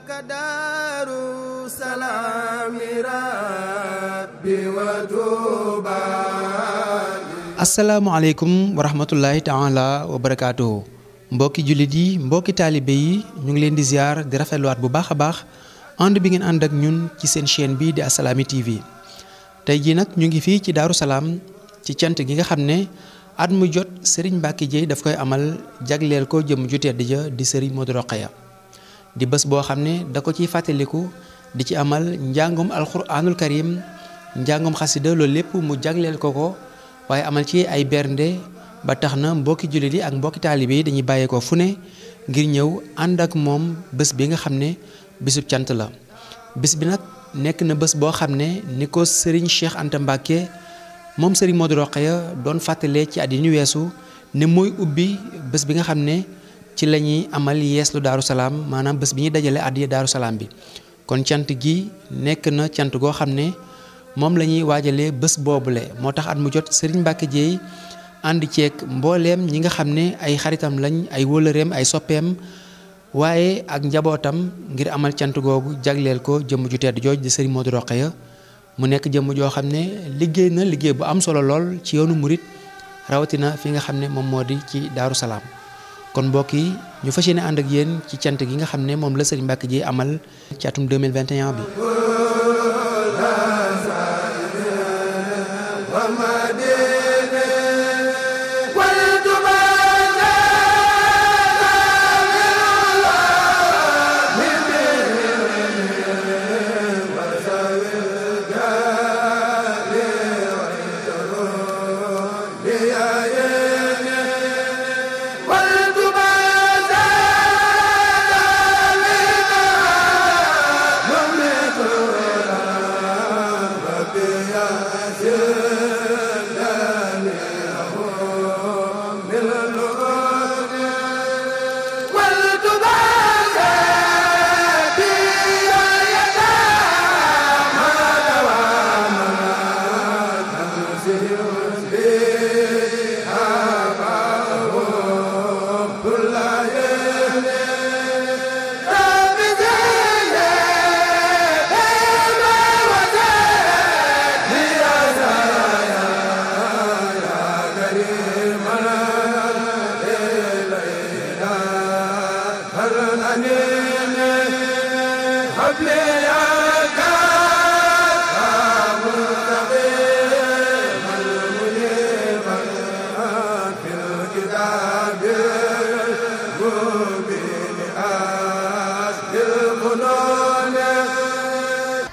innaka daaru salaami rabbi wa tuubaa mbokki jullit yi mbokki taalibe yi ñu ngi leen di ziar di rafetluwaat bu baax a baax ànd bi ngeen ànd ak ñun ci seen chaîne bi di Assalaamy TV tey jii nag ñu ngi fii ci Daaru Salaam ci cant gi nga xam ne at mu jot sëriñ Mbacke Dieye daf koy amal jagleel ko jëm ju tedd ja di Serigne Modou Rokhaya di bés boo xam ne da ko ciy fàttaliku di ci amal njàngum alxuraanul karim njàngum xasida loolu lépp mu jagleel ko ko waaye amal ci ay bernde ba tax na mbokki jullit yi ak mbokki taalibe yi dañuy bàyyee ko fu ne ngir ñëw ànd ak moom bés bi nga xam ne bésub cant la bés bi nag nekk na bés boo xam ne ni ko sëriñ Cheikh Anta Mbacke moom sëriñ Modou Rokhaya doon fàttalee ci at yi weesu ne mooy ubbi bés bi nga xam ne ci la ñuy amal yees lu daaru salaam maanaam bés bi ñuy dajale addiya daaru salaam bi kon cant gi nekk na cant goo xam ne moom la ñuy waajalee bés le moo tax at mu jot sëriñ Mbacke Dieye ànd ceeg mbooleem ñi nga xam ne ay xaritam lañ ay wóolëreem ay soppeem waaye ak njabootam ngir amal cant googu jagleel ko jëmm ju tedd jooj di Serigne Modou Rokhaya mu nekk jëmm joo xam ne liggéey na liggéey bu am solo lool ci yoonu murit rawatina fi nga xam ne moom moo di ci daaru salaam kon mbokk yi ñu fas yéene ànd ak yéen ci cant gi nga xam ne moom la Serigne mbakk Dieye amal ci atum 2021 bi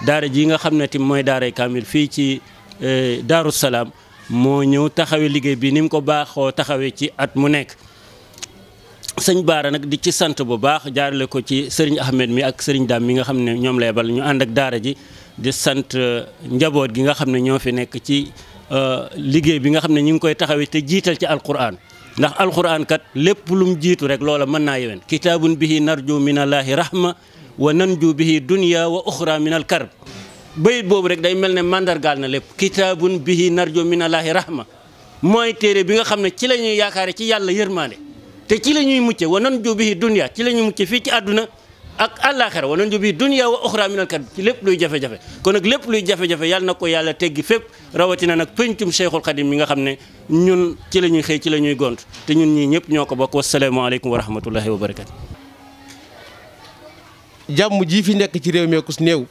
daara ji nga xam ne tim mooy daaray kaamil fii ci eh, daaru salaam moo ñëw taxawee liggéey bi ni mu ko baaxoo taxawee ci at mu nekk sëñ Baara nag di ci sant bu baax jaarale ko ci sëriñ Ahmed mi ak sëriñ daam mi nga xam ne ñoom lay bal ñu ànd ak daara ji di sant eh, njaboot gi nga xam ne ñoo fi nekk ci eh, liggéey bi nga xam ne ñu ngi koy taxawee te jiital ci alquran ndax alquran kat lépp lu mu jiitu rek loola mën naa yeween kitaabun bihi narju minallaahi wa nanju bihi dunya wa uxra min karb bayit boobu rek day mel ne mandargaal na lépp kitaabun bihi narjo minallaahi rahma mooy téere bi nga xam ne ci la ñuy yaakaare ci yàlla yërmaande te ci la ñuy mucce wa nanju bihi dunya ci la ñuy mucce fii ci àdduna ak àllaaxira wa nanju bihi dunya wa uxra minal karb ci lépp luy jafe-jafe kon nag lépp luy jafe-jafe yàlla na ko yàlla teggi fépp rawatina nag pencum cheikhul xadim mi nga xam ne ñun ci la ñuy xëy ci la ñuy gont te ñun ñii ñëpp ñoo ko bokk wasalaamaaleykum wa rahmatullahi wa barakatu jàmm jii fi nekk ci réew mi kus néew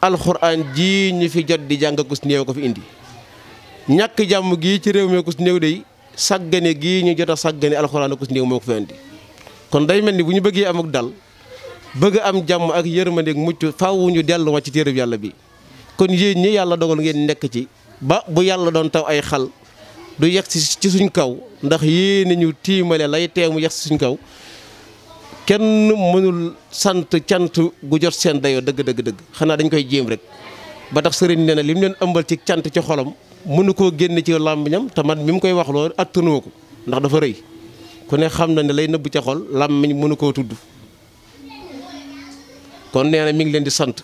alxuraan ji ñu fi jot di jàng kus néew ko fi indi ñàkk jàmm gii ci réew mi kus néew day sàggane gii ñu jot a sàggane alxuraan kus néew moo ko fi indi kon day mel ni bu ñu bëggee am dal bëgg am jàmm ak yërmandeeg mucc faaw ñu delluwaat ci téereb yàlla bi kon yéen ñi yàlla dogal ngeen nekk ci ba bu yàlla doon taw ay xal du yegg si ci suñ kaw ndax yéen ñu tiimale lay teemu yegg si suñ kaw kenn mënul sant cant gu jot seen dayoo dëgg dëgg dëgg xanaa dañ koy jéem rek ba tax sëriñ nee na lim leen ëmbal ci cant ci xolam mënu koo génn ci làmmiñam te man mi mu koy wax loolu attanoo ko ndax dafa rëy ku ne xam na ne lay nëbb ca xol làmmiñ mënu koo tudd kon nee na mi ngi leen di sant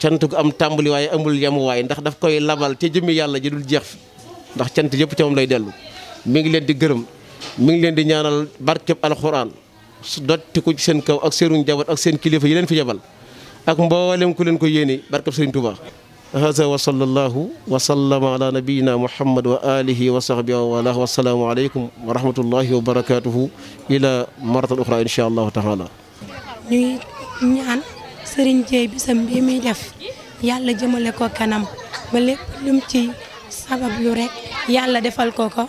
cant gu am tàmbali waaye amul yemuwaay ndax daf koy labal te jëmmi yàlla ji dul jeex fi ndax cant yëpp ca moom lay dellu mu ngi leen di gërëm mu ngi leen di ñaanal barkeb alxuraan dotti ko ci seen kaw ak seeruñ jabar ak seen kilifa yi leen fi yebal ak mboolem ku leen ko yéene barkab sëriñ Tuubaa hada wa sallallahu wa sallama ala nabiyina muhammad wa alihi wa sahbihi wa walah wasalaamu aleykum wa rahmatullahi wa barakatuhu ila maratan oxra insha allahu taala ñuy ñaan sëriñ Jéey bisam bi muy def yàlla jëmale ko kanam ba lépp lum ci sabab lu rek yàlla defal ko ko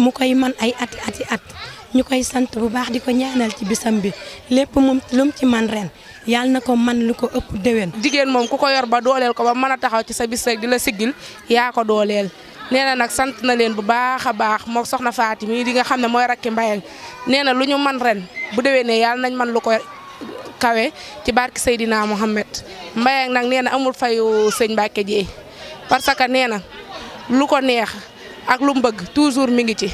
mu koy man ay ati ati at ñu koy sant bu baax di ko ñaanal ci bisam bi lépp mu lu mu ci man ren yàlla na ko man lu ko ëpp déwén. jigéen moom ku ko yor ba dooleel ko ba mën a taxaw ci sa bis rek di la siggil yaa ko dooleel nee nag sant na leen bu baax a baax moog soxna Faati mii di nga xam ne mooy rakki mbayang nee na lu ñu man ren bu déwénee yàlla nañ man lu ko kawe ci barki Seydina Mohamed mbayang nag nee amul fay sëñ Mbacke Dieye parce que nee na lu ko neex ak lu mu bëgg toujours mi ngi ci.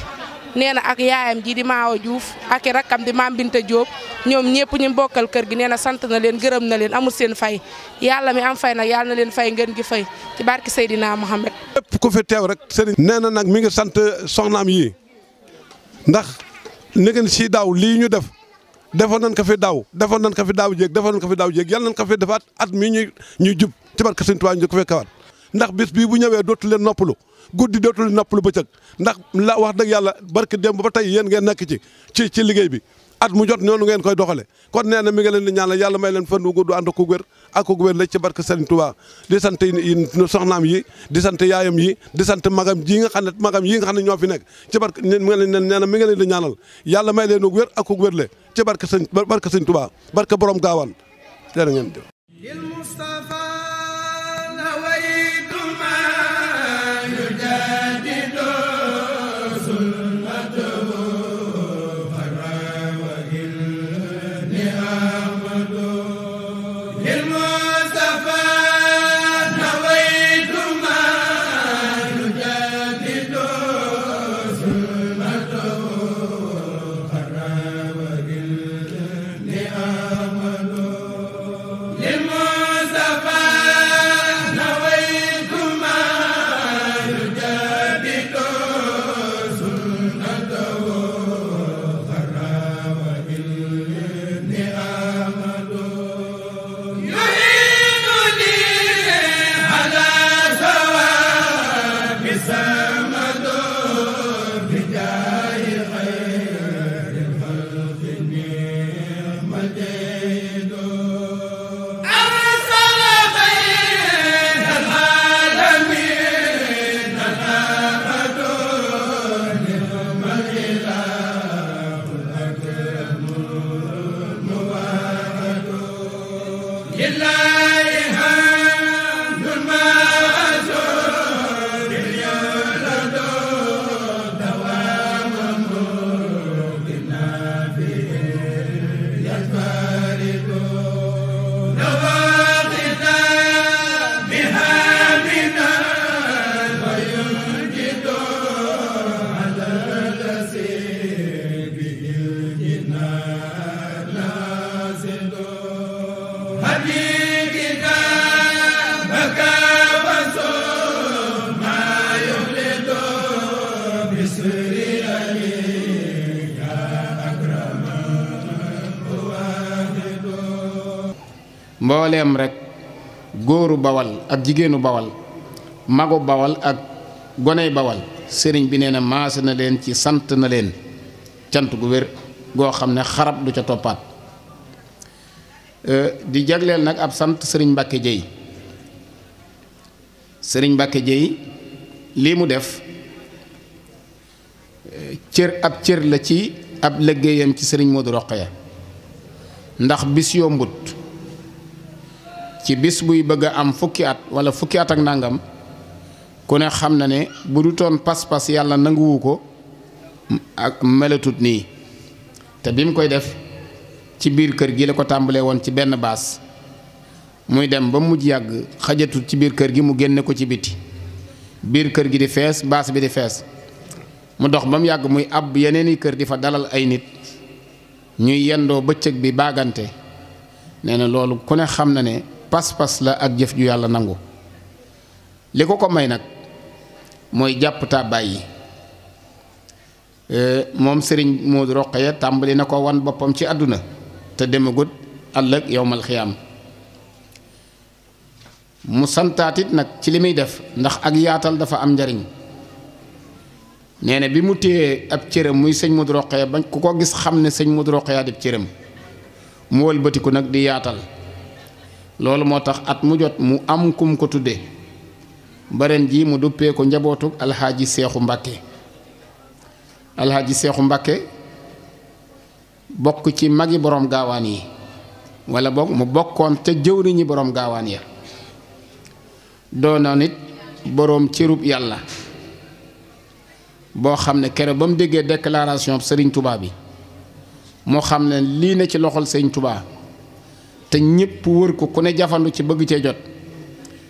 nee na ak yaayam ji di maa Maawa Diouf ak i rakkam di Maam Binta Diop ñoom ñëpp ñu bokkal kër gi nee na sant na leen gërëm na leen amul seen fay yàlla mi am fay nag yàlla na leen fay ngeen gi fay ci barki Seydina Mohamed. lépp ku fi teew rek sëriñ nee na nag mi ngi sant soxnaam yi ndax ni ngeen si daw lii ñu def defoon nañ ko fi daw defoon nañ ko fi daaw jéeg defoon nañ ko fi daw jéeg yàlla nañ ko fi defaat at mii ñu ñuy jub ci barke Sëriñ Tuubaa ñu ko fekkawaat ndax bis bii bu ñëwee dootu leen noppalu guddi dootul noppalu bëccëg ndax la wax dëgg yàlla barke démb ba tey yéen ngeen nekk ci ci liggéey bi at mu jot noonu ngeen koy doxale kon nee na mi ngi leen di ñaanal yàlla may leen fan wu gudd ànd ak ku wér ak ci barke Serigne Touba yi sant yaayam yi di sant magam ji xam ne magam yi nga xam ne ñoo fi nekk ci barke mi ngi leen nee na mi leen di ñaanal yàlla borom gaawaan jërë ngeen jëf mboolem rekk góoru bawal ak jigéenu bawal magu bawal ak goney bawal sëriñ bi nee na maase na leen ci sant na leen cant gu wér goo xam ne xarab du ca toppaat Euh, di jagleel nag ab sant sëriñ Mbàkke Jéy sëriñ Mbàkke Jéy lii mu def euh, cër ab cër la ci ab liggéeyam ci sëriñ Modou Rokhaya ndax bis yombut ci bis buy bëgg a am fukki at wala fukki at ak nangam ku ne xam na ne bu du toon pas-pas yàlla nanguwu ko ak meletut nii te bi mu koy def ci biir kër gi la ko tàmbalee woon ci benn baas muy dem ba mujj yàgg xajatul ci biir kër gi mu génne ko ci biti biir kër gi di fees baas bi di fees mu dox ba mu yàgg muy àbb yeneeni kër di fa dalal ay nit ñuy yendoo bëccëg bi baagante nee na loolu ku ne xam na ne pas-pas la ak jëf ju yàlla nangu li ko ko may nag mooy jàpp tàbbaay yi euh, moom sëriñ Moodu Roqaya tàmbali na ko wan boppam ci àdduna te demagut ëllëg yowmal xiyaam mu santaatit nag ci li muy def ndax ak yaatal dafa am njariñ nee bi mu téyee ab cëram muy sëñ Modou Rokhaya bañ ku ko gis xam ne sëñ mu Rokhaya dib cëram mu wëlbatiku nag di yaatal loolu moo tax at mu jot mu am kum ko tudde baren ji mu duppee ko njabootuk alxaaji seexu mbàkke alxaaji seexu mbàkke bokk ci magi boroom gaawaan yi wala boog mu bokkoon te jëwriñi boroom gaawaan ya doonoon it boroom cërub yàlla boo xam ne kere ba mu déggee déclaration sëriñ tubaab yi moo xam ne lii ne ci loxol sëriñ tubaa te ñépp wër ko ku ne jafandu ci bëgg cee jot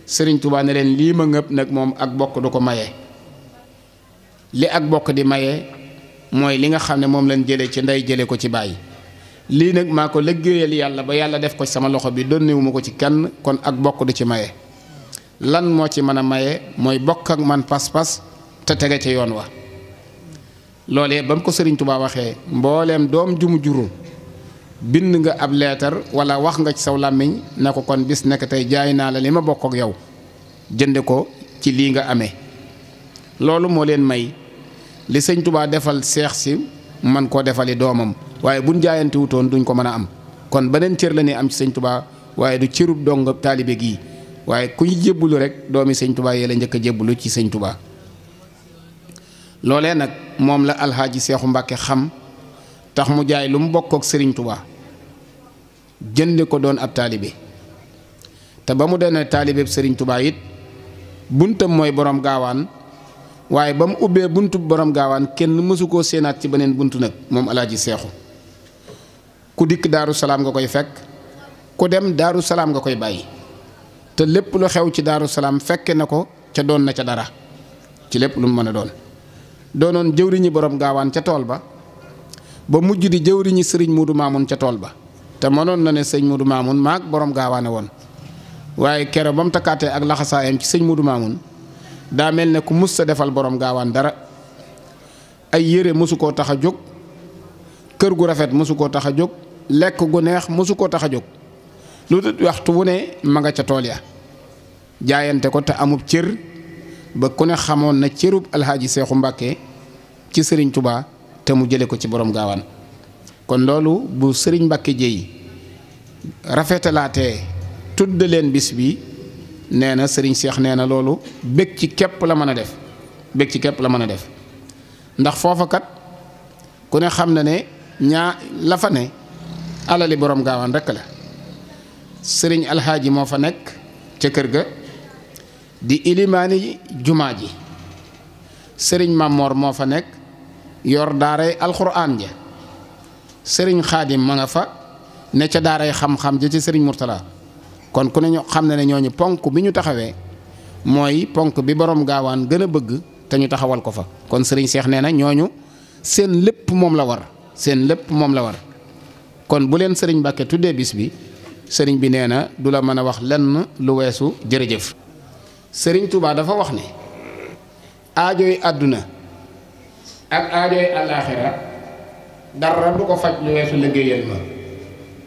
sëriñ tubaa ne leen lii ma ngëpp nag moom ak bokk du ko maye li ak bokk di maye mooy li nga xam ne moom lañ jëlee ci ndey jëlee ko ci bàyyi lii nag maa ko liggéeyal yàlla ba yàlla def ko ci sama loxo bi donnewu ma ko ci kenn kon ak bokk du ci maye lan moo ci mën a maye mooy bokk ak man pas-pas te tege ca yoon wa loole ba mu ko sëriñ Tuubaa waxee mbooleem doom ju mu juru bind nga ab leetar wala wax nga ci saw làmmiñ na ko kon bis nekk tey jaay naa la li ma bokk ak yow jënde ko ci lii nga amee loolu moo leen may li sëñ tubaa defal seex si man koo defali doomam waaye buñ jaayante wutoon duñ ko mën a am kon beneen cër la ne am ci sëñ tubaa waaye du cërub dong taalibe gii waaye ku ñu jébbulu rek doomi sëñ tubaa yee la njëkk a jébbulu ci sëñ tubaa loole nag moom la alxaaji seexu mbàkke xam tax mu jaay lu mu bokk ak sëriñ tubaa jënd ko doon ab taalibe te ba mu doonee taalibeeb sëriñ tubaa it buntam mooy boroom gaawaan waaye ba mu ubbee buntu borom gaawaan kenn mësu koo séenaat ci beneen buntu nag moom alaaji seexu ku dikk daaru salaam nga koy fekk ku dem daaru salaam nga koy bàyyi te lépp lu xew ci daaru salaam fekke na ko ca doon na ca dara ci lépp lu mu mën a doon doonoon jëwriñi borom gaawaan ca tool ba ba mujj di jëwriñi sëriñ Muudu Maamun ca tool ba te mënoon na ne sëñ Muudu Maamun maag borom gaawaane woon waaye kero ba mu takkaatee ak laxasaayam ci sëñ Muudu Maamun daa mel ne ku mus sa defal borom gaawaan dara ay yére mosu koo tax a jóg kër gu rafet mësu koo tax a jóg lekk gu neex mësu koo tax a jóg lu dut waxtu wu ne ma nga ca tool ya jaayante ko te amub cër ba ku ne xamoon na cërub alxaaji seexu mbàkke ci sëriñ tubaa te mu jële ko ci borom gaawaan kon loolu bu sëriñ mbàkke jéy rafetalaate tudd leen bis bi nee na sëriñ Cheikh nee na loolu bég ci képp la mën a def bëgg ci képp la mën a def ndax foofa kat ku ne xam na ne ñaa la fa ne alali boroom gaawaan rekk la sëriñ alxaaji moo fa nekk ca kër ga di ilimaani jumaa ji sëriñ Mamor moo fa nekk yor daaray alxuraan ja sëriñ xaadim ma nga fa ne ca daaray xam-xam ja ci sëriñ Murtala kon ku ne xam ne ne ñooñu ponk bi ñu taxawee mooy ponk bi borom gaawaan gën a bëgg te ñu taxawal ko fa kon sëriñ Seex nee na ñooñu seen lépp moom la war seen lépp moom la war kon bu leen sëriñ Mbàkke tuddee bis bi sëriñ bi nee na du la mën a wax lenn lu weesu jërëjëf sëriñ Touba dafa wax ne aajooy àdduna ak aajooy àllaaxira dara du ko faj lu weesu liggéeyal ma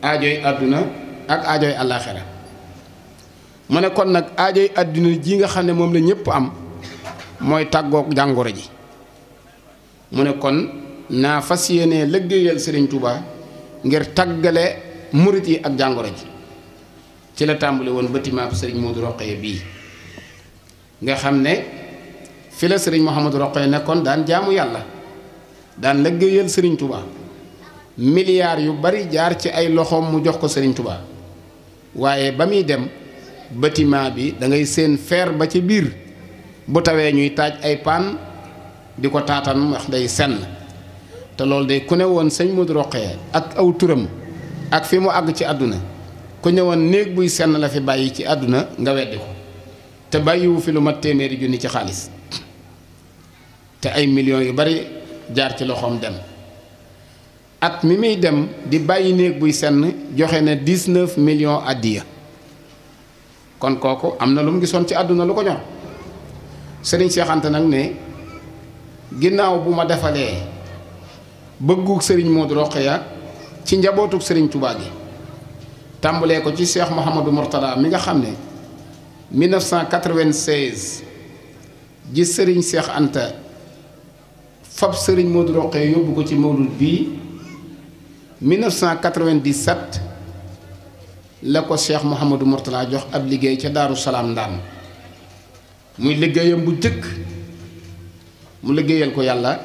aajooy àdduna ak aajooy àllaaxira mu ne kon nag aajoy àdduna ji nga xam ne moom la ñëpp am mooy tàggook jàngoro ji mu ne kon naa fas yéenee liggéeyal sëriñ Touba ngir tàggale murit yi ak jàngoro ji ci la tàmbali woon bâtiment Serigne roq Rokhaya bii nga xam ne fi la Serigne Mouhamadou Rokhaya nekkoon daan jaamu yàlla daan liggéeyal sëriñ Touba milliards yu bari jaar ci ay loxoom mu jox ko Serigne Touba waaye ba muy dem. bâtiment bi dangay séen seen fer ba ci biir bu tawee ñuy taaj ay paan di ko taatan wax day senn te loolu day ku ne woon sëñ Modou Rokhaya ak aw turam ak fi mu àgg ci àdduna ku ñëwoon néeg buy senn la fi bàyyi ci àdduna nga weddi ko te bàyyiwu fi lu mat téeméeri junni ci xaalis te ay millions yu bari jaar ci loxoom dem at mi muy dem di bàyyi néeg buy senn joxe na 19 millions addiya kon kooku am na lu mu gisoon ci àdduna lu ko ñor sëriñ Cheikh nag ne ginnaaw bu ma defalee bëggug sëriñ Modou Rokhaya ci njabootug sëriñ Touba gi tàmbalee ko ci Cheikh Mouhamadou Mourtada mi nga xam ne 1996 ji sëriñ Cheikh Anta fab sëriñ Modou Rokhaya yóbbu ko ci mawlud bii 1997 la ko Cheikh Mouhamadou Mourtala jox ab liggéey ca Daaru Salaam ndaan muy liggéeyam bu jëkk mu liggéeyal ko yàlla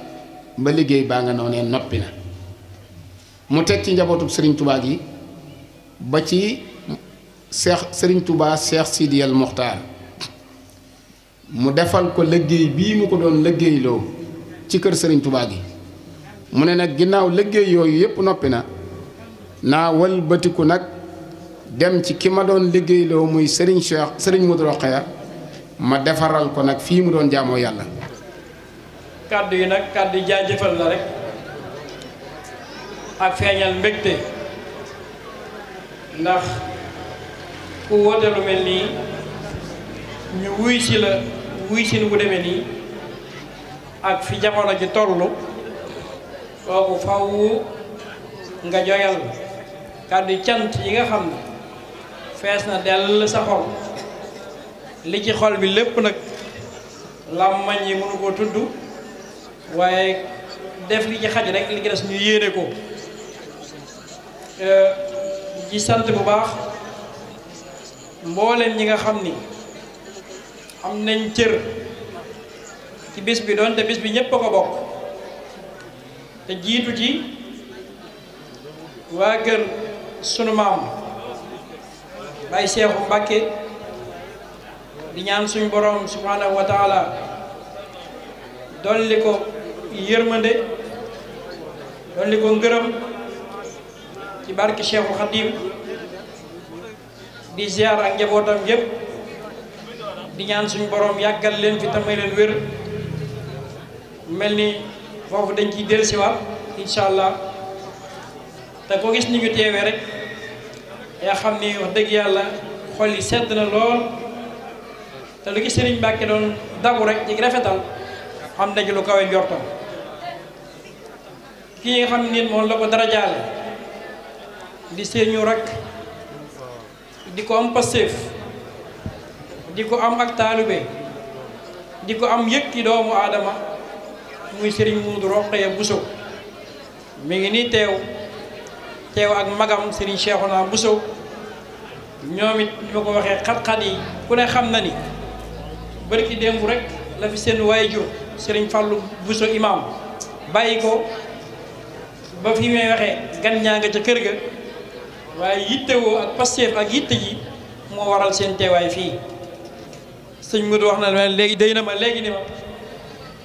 ba liggéey baa nga noonee noppi na mu teg ci njabootu sëriñ Touba gi ba ci Cheikh sëriñ tubaa seex Sidi El mu defal ko liggéey bii mu ko doon liggéeyloo ci kër sëriñ tubaa gi mu ne nag ginnaaw liggéey yooyu yépp noppi na naa wëlbatiku nag. dem ci ki ma doon liggéeyloo muy Serigne Cheikh Serigne Modou Rokhaya ma defaral ko nag fii mu doon jaamoo yàlla. kàddu yi nag kàddu yi jaajëfal la rek ak feeñal mbégte ndax ku woote lu mel nii ñu wuy si la wuy si bu demee nii ak fi jamono ji tollu kooku faw nga joyal kàddu cant yi nga xam fees na dell sa xol li ci xol bi lépp nag làmmañ yi mënu koo tudd waaye def li ci xaj rek li ci des ñu yéene ko ci sant bu baax mbooleem ñi nga xam ni am nañ cër ci bis bi doon te bis bi ñépp a ko bokk te jiitu ji waa kër sunu maam Baye Cheikhou Mbacké di ñaan suñu borom subhanahu dolli ko yërmande dolli ko ngërëm ci barke Cheikhou Khadim di ziar ak njabootam yëpp di ñaan suñu borom yàggal leen fi tamay leen wér mel ni foofu dañ ciy dellusiwaat incha allah te ko gis ni ñu teewee rek. yaa xam ni dëgg yàlla xol yi sedd na lool te lu gis Serigne Mbacke doon dagu rek ci rafetal xam nañu lu kawe njortam kii xam nit moom la ko darajaale di seenu rak di ko am pastéef di ko am ak taalube di ko am yëkki doomu aadama muy Serigne Modou Rokhaya Bousso mi ngi nii teew teew ak magam Serigne Cheikhouna Bousso ñoom it ñu ma ko waxee xat-xat yi ku ne xam na ni bërki démb rek la fi seen waajur Serigne Fallou Bousso imam bàyyi ko ba fi may waxee gan ñaa nga ca kër ga waaye yittewoo ak pasteef ak yitte ji moo waral seen teewaay fii sëñ Modou wax na léegi day na ma léegi ni ma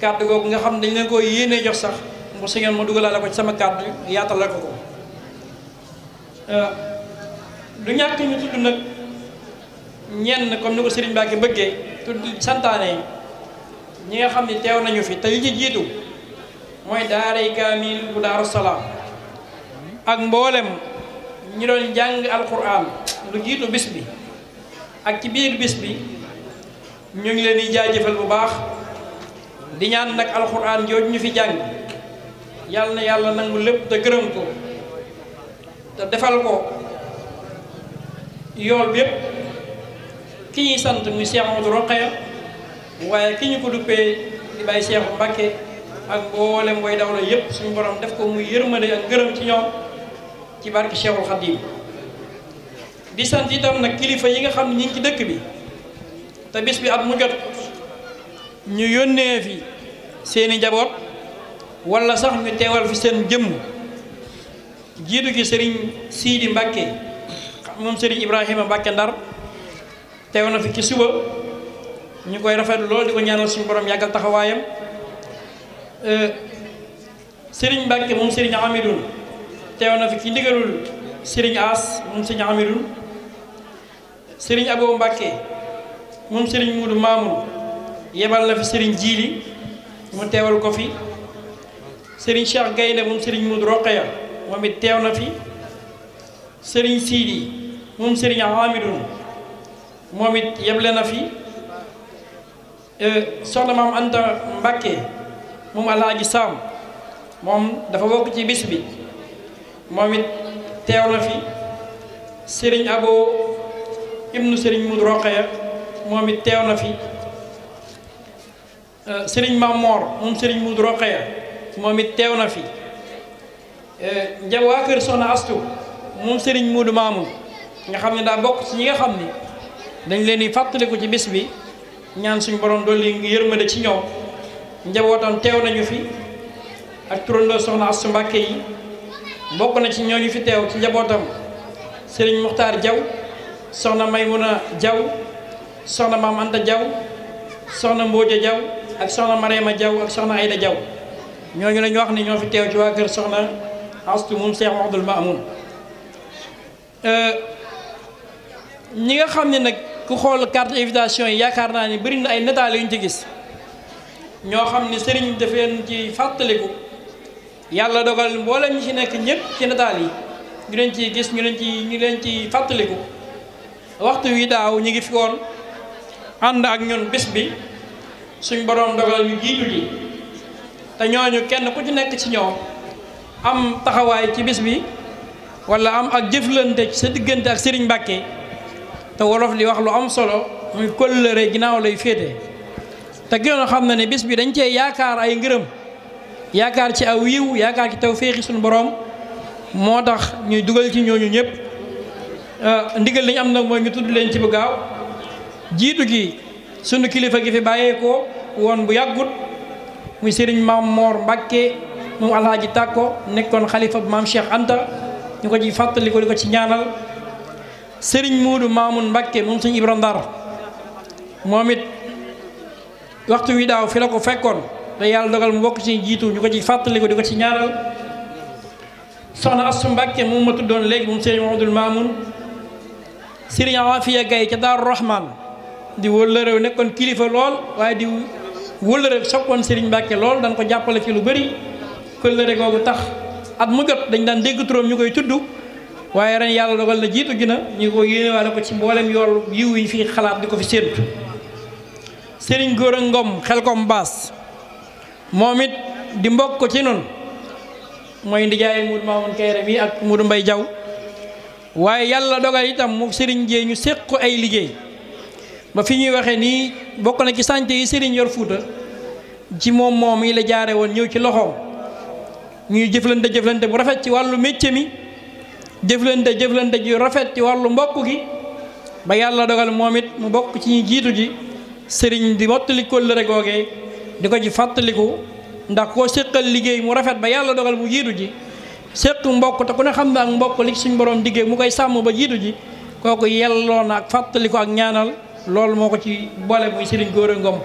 kàddu googu nga xam dañ leen ko yéenee jox sax mu sëñoon ma dugalaale ko ci sama kàddu yaatal la ko ko Euh, du ñàkk ñu tudd nag ñenn comme ni ko Serigne Mbacke bëggee tudd santaane ñi nga xam ne teew nañu fi te li ci jiitu mooy daaray kaamil bu daaru salaam ak mboolem ñu doon jàng alquran lu jiitu bis bi ak ci biir bis bi ñu ngi leen di jaajëfal bu baax di ñaan nag alquran jooju ñu fi jàng yàlla na yàlla nangu lépp te gërëm ko te defal ko yool bépp ki ñuy sant muy Cheikh Modou Rokhaya waaye ki ñu ko duppee di bàyyi Cheikh Mbacke ak mboolem booy dawle yépp suñu borom def ko muy yërmande ak ngërëm ci ñoom ci barke Cheikhul Khadim di sant itam nag kilifa yi nga xam ne ñu ngi ci dëkk bi te bis bi at mu jot ñu yónnee fi seeni njaboot wala sax ñu teewal fi seen jëmm jiitu gi sëriñ Siidi Mbàkke moom sëriñ Ibrahima Mbàkke Ndar teew na fi ci suba ñu koy rafet lool di ko ñaanal suñu borom yàggal taxawaayam euh, sëriñ Mbàkke moom sëriñ Amidoun teew na fi ci ndigalul sëriñ As moom sëriñ Amidoun sëriñ Abo Mbàkke moom sëriñ Muudu Maamun yebal na fi sëriñ Jiili mu teewal ko fi sëriñ Cheikh Gaynde moom sëriñ Muudu Roqeya moom it teew na fi sëriñ Siidi moom sëriñ Hamidun moom it yeble na fi e, soxna maam Anta Mbàkke moom alaaji Saam moom dafa bokk ci bis bi moom it teew na fi sëriñ Abo ibnu sëriñ Mudu Roqaya moom it teew na fi e, sëriñ Maam Moor moom sëriñ Mudu Roqaya moom it teew na fi Eh, njab waa kër Soxna Astu moom Serigne Modou nga xam ne daa bokk ci ñi nga xam ni dañ leen di fàttaliku ci bis bi ñaan suñu borom dolli yërmande ci ñoom njabootam teew nañu fi ak turandoo Soxna Astu Mbàkke yi bokk na ci ñoo ñooñu fi teew ci njabootam Serigne Muxtaar Jaw soxna Maymuna Jaw soxna Maam Anta Jaw soxna Mbooja Jaw ak soxna Marema Jaw ak soxna Ayda Jaw ñooñu la ñu wax ni ñoo fi teew ci waa kër soxna xastu moom Cheikh Mouhamadoul Mamoun euh, ñi nga xam ne nag ku xool carte invitation yi yaakaar naa ni barina ay nataal yu ñu ci gis ñoo xam ne sëriñ daf leen ci fàttaliku yàlla dogal mboolem ñu ci nekk ñëpp ci nataal yi ñu leen ciy gis ñu leen ci ñu leen ci fàttaliku waxtu wi daaw ñu ngi fi woon ànd ak ñun bés bi suñ boroom dogal ñu jiitu ji te ñooñu kenn ku ci nekk ci ñoom am taxawaay ci bis bi walla am ak jëflante ci sa diggante ak Serigne Mbacké te wolof li wax lu am solo muy kóllëre ginnaaw lay féete te gënoon xam na ne bis bi dañ cee yaakaar ay ngërëm yaakaar ci aw yiw yaakaar ci taw féexi suñu boroom moo tax ñuy dugal ci ñooñu ñëpp euh, ndigal li am na mooy ñu tudd leen ci bu gaaw jiitu gi sunu kilifa gi fi bàyyeekoo woon bu yàggut muy sëriñ Mame moor Mbacké moom alhaaji tàkko nekkoon xalifa bu maam Cheikh Anta ñu ko ci fàttali ko di ko ci ñaanal sëriñ Muudu Maamun Mbakke moom suñu Ibra Ndar moom it waxtu wi daaw fi la ko fekkoon te yàlla dogal mu bokk ci jiitu ñu ko ci fàttali ko di ko ci ñaanal soxna Astu Mbakke moom ma tuddoon léegi moom sëriñ Mamadul sëriñ Afiya Gay ca Daaru Rahman di wëllërew nekkoon kilifa lool waaye di wëllërew soppoon sëriñ Mbakke lool dañ ko jàppale ci lu bari kóllëre googu tax at mu jot dañ daan dégg turam ñu koy tudd waaye ren yàlla dogal na jiitu gi na ñu ko yéenewaale ko ci mboolem yool yiw yi fi xalaat di ko fi séentu Serigne Gora Ngom Xelkom Baas moom it di mbokk ci noonu mooy ndijaay Mourou Mamoun Kayre mi ak Mourou mbay jaw waaye yàlla dogal itam mu Serigne Dieng ñu séq ko ay liggéey ba fi ñuy waxee nii bokk na ci santé yi Serigne yor Fuuta ci moom moom yi la jaare woon ñëw ci loxoom. ñuy jëflante jëflante bu rafet ci wàllu métier mi jëflante jëflante ji rafet ci wàllu mbokk gi ba yàlla dogal moom it mu bokk ci ñi jiitu ji sëriñ di mottali kóllëre googee di ko ci fàttaliku ndax koo séqal liggéey mu rafet ba yàlla dogal mu jiitu ji séq mbokk te ku ne xam ne ak mbokk li suñ borom diggee mu koy sàmm ba jiitu ji kooku yelloo na ak fàttaliku ak ñaanal loolu moo ko ci boole muy sëriñ góor a ngom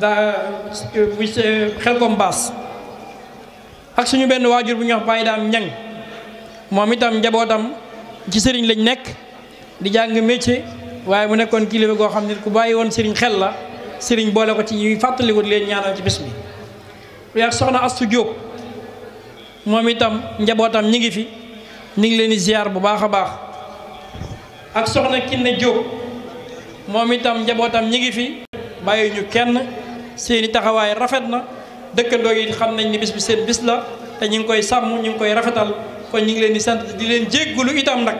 xel euh, euh, kom baas ak suñu benn waajur bu ñuy wax Baye Dame moom itam njabootam ci sëriñ lañ nekk di jàng métier waaye mu nekkoon kilifa goo xam ne ku bàyyi woon sëriñ xel la sëriñ boole ko ci ñuy fàttaliku leen ñaanal ci bis bi. yaa soxna Astu Diop moom itam njabootam ñi ngi fi ñu ngi leen di ziar bu baax a baax ak soxna Kiné Diop moom itam njabootam ñi ngi fi bàyyi ñu kenn seeni taxawaay rafet na. dëkkandoo yi xam nañ ni bis bi seen bis la te ñu ngi koy sàmm ñu ngi koy rafetal kon ñu ngi leen di sant di leen jéggulu itam nag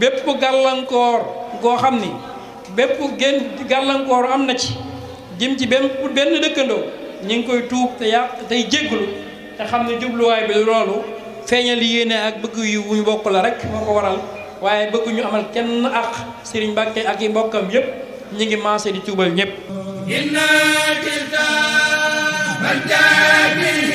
bépp gàllankoor goo xam ni bépp génn gàllankoor am na ci jëm ci benn benn dëkkandoo ñu ngi koy tuub te yàq tey jéggulu te xam ne jubluwaay bi loolu feeñal yéene ak bëgg yu wuñu bokk la rek moo ko waral waaye bëgg amal kenn ak Serigne Mbacké ak yi mbokkam yépp ñu ngi maase di tuubal ñépp man jaabi